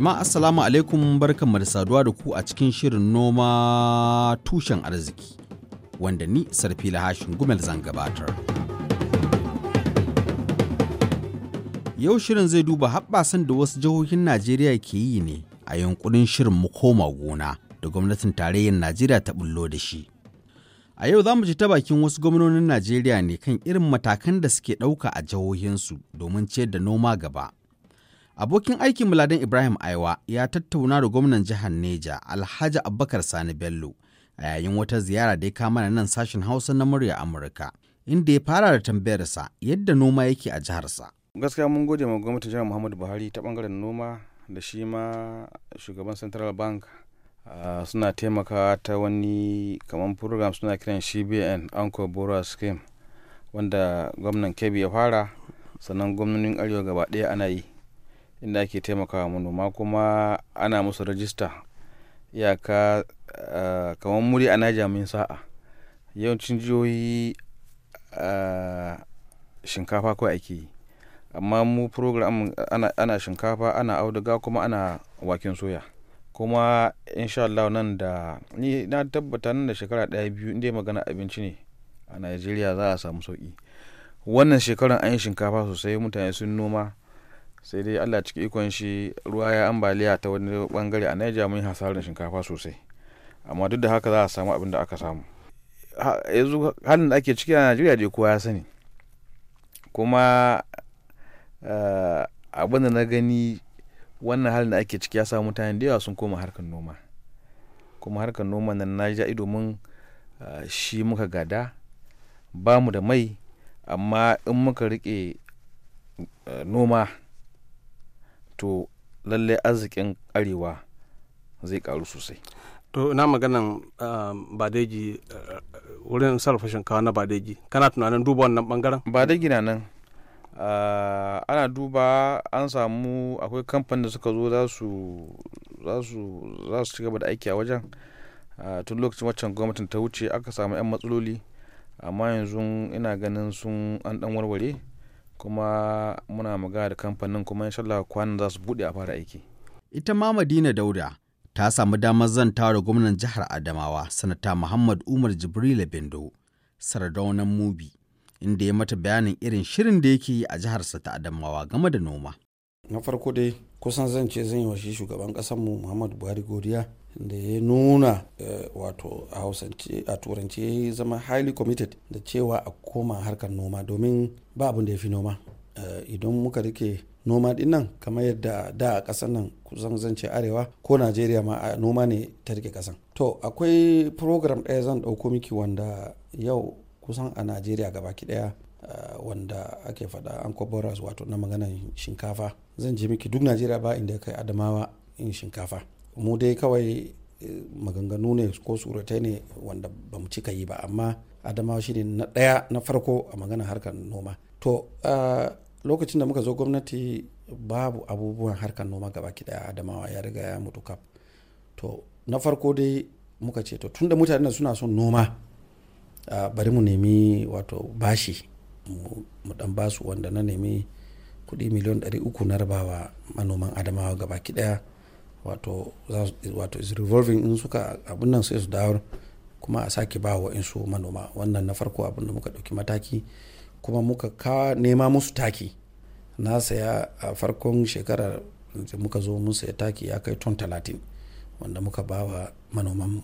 Jama'a Assalamu alaikum barkanmu da saduwa da ku a cikin shirin noma tushen arziki wanda ni Sarfila Hashin Gumel zan gabatar. Yau shirin zai duba haɓɓasan da wasu jihohin Najeriya ke yi ne a yankunan shirin mu koma gona da gwamnatin tarayyar Najeriya ta bullo da shi. A yau za mu ji ta bakin wasu gwamnonin Najeriya ne kan irin matakan da suke ɗauka a jihohinsu domin ciyar da noma gaba. Abokin aikin muladin Ibrahim Aiwa ya tattauna da gwamnan jihar Neja Alhaji Abubakar Sani Bello a yayin wata ziyara da ya kama nan sashen Hausa na murya Amurka inda ya fara da tambayarsa yadda noma yake a jiharsa. Gaskiya mun gode ma gwamnatin jihar Muhammadu Buhari ta bangaren noma da shi ma shugaban Central Bank suna taimakawa ta wani kamar program suna kiran cbn Anko Scheme wanda gwamnan Kebbi ya fara sannan gwamnonin Arewa gaba ɗaya ana yi. inda ake taimakawa manoma kuma ana musu rajista iyaka eh, kamar muri a naija min sa'a yawancin jihohi eh, shinkafa kawai ake yi amma mu program ana, shinkafa ana auduga kuma ana waken soya kuma insha Allah nan da ni na tabbata nan da shekara ɗaya biyu inda magana abinci ne a Najeriya za a samu sauki wannan shekarar an yi shinkafa sosai mutane sun noma sai dai allah ciki ikon shi ruwa ya ambaliya ta wani bangare a naija mun hasarin shinkafa sosai amma duk da haka za a samu abin da aka samu yanzu halin da ake ciki a najeriya dai kowa ya sani kuma eh, abin da na gani wannan halin da ake ciki ya samu mutane da yawa sun koma harkar noma kuma harkar noma nan na ja ido mun eh, shi muka gada ba mu da mai amma in muka rike eh, noma to lallai arzikin arewa zai karu sosai to ina maganan ah, badeji eh, wurin sarrafa shinkawa na badeji kana tunanin duba wannan bangaren badeji na nan ah, ana duba an samu akwai kamfanin da suka zo za su ci gaba da aiki a wajen ah, tun lokacin waccan gwamnatin ta wuce aka samu 'yan matsaloli amma yanzu ina ganin sun an dan warware kuma muna magana da kamfanin kuma insha Allah kwanan za su buɗe a fara aiki. Ita ma Madina Dauda ta samu damar zan tara gwamnan jihar Adamawa sanata Muhammad Umar Jibrila Bindo sardaunan Mubi inda ya mata bayanin irin shirin da yake yi a jiharsa ta Adamawa game da noma. na farko dai kusan zan ce zan yi wa shi shugaban mu muhammadu buhari godiya da ya nuna eh, wato a hausance a turance ya zama highly committed da cewa a koma harkar noma domin ba abin da ya fi noma eh, idan muka rike noma din nan kamar yadda da a ƙasar nan kusan zan ce arewa ko najeriya ma a noma ne ta rike ƙasan to akwai program ɗaya zan ɗauko miki wanda yau kusan a najeriya gabaki ɗaya Eh, wanda ake faɗa an kwaboras wato na maganan shinkafa zan je miki duk najeriya ba inda kai adamawa in shinkafa mu dai kawai eh, maganganu ne ko suratai ne wanda ba mu cika yi ba amma adamawa shine na ɗaya na farko a maganar harkar noma to eh, lokacin da muka zo gwamnati babu abubuwan harkar noma gaba daya adamawa ya riga ya mutu kaf to na farko dai muka ce to tunda mutanen suna son noma bari mu nemi wato bashi mu dan basu wanda na nemi kuɗi miliyan 300 na rabawa manoman adamawa gaba daya wato wato is revolving in suka abin nan sai su dawo kuma a sake ba wa su manoma wannan na farko abin da muka ɗauki mataki kuma muka ka nema musu taki na saya a farkon shekarar muka zo mun saya taki ya kai ton talatin wanda muka ba wa manoman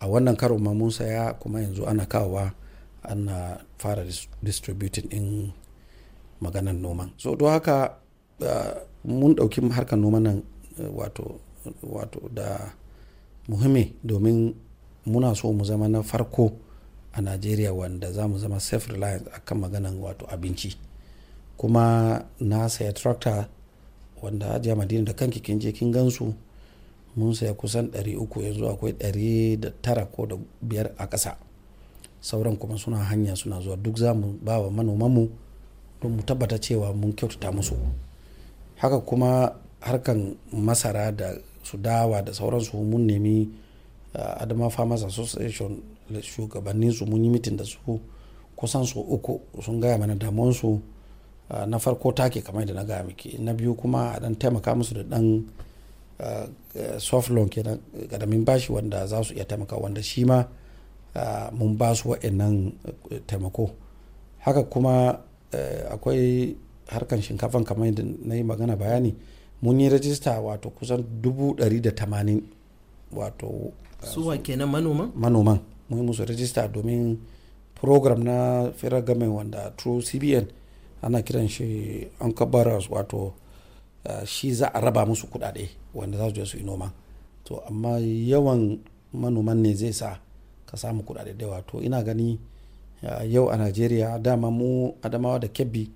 a wannan karo ma mun saya kuma yanzu ana kawowa ana fara distributin in maganan noman so don haka ah, mun ɗauki harkar noman nan eh, wato da muhimmi domin muna so mu zama na farko a najeriya wanda za mu zama self reliant akan maganan wato abinci kuma na saya tractor wanda hajiya madina da kanki kin je kin gansu mun saya kusan 300 yanzu akwai tara ko da biyar a ƙasa sauran kuma suna hanya suna zuwa duk za mu ba wa manomanmu don mu tabbata cewa mun kyautata musu haka kuma harkan masara da su dawa da sauransu mun nemi adama farmers association shugabannin su mun yi mitin da su kusan su uku sun gaya mana damuwansu na farko take kamar da na gaya miki na biyu kuma a dan taimaka musu da dan soft loan kenan gadamin bashi wanda za su iya taimaka wanda shi ma mun ba su wa'annan eh, taimako haka kuma eh, akwai harkan shinkafan kamar yadda na yi magana bayani mun yi rajista wato kusan dubu dari da tamanin wato eh, suwa kenan manoman manoman mun yi musu rajista domin program na federal government wanda true cbn ana kiran shi an wato shi za a raba musu kuɗaɗe wanda za su je su yi noma to amma yawan manoman ne zai sa ka samu kuɗaɗe da yawa to ina gani yau a najeriya dama mu adamawa da kebbi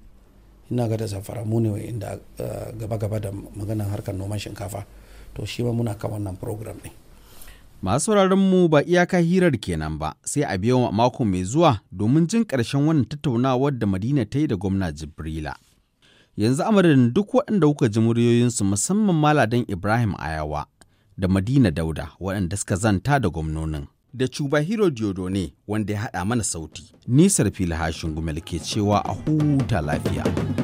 ina ga da zafara mu ne inda eh, gaba-gaba da maganar harkar noman shinkafa to shi ma muna kan wannan program ne. masu mu ba iyaka hirar kenan ba sai a biyo mako mai zuwa domin jin karshen wannan tattaunawar da madina ta yi da gwamna jibrila yanzu amadadin duk waɗanda kuka ji muryoyinsu musamman maladan ibrahim ayawa da madina dauda waɗanda suka zanta da gwamnonin da chuba Chubahiro ne wanda ya haɗa mana sauti. Nisar fili hashin gumel ke cewa a huta lafiya.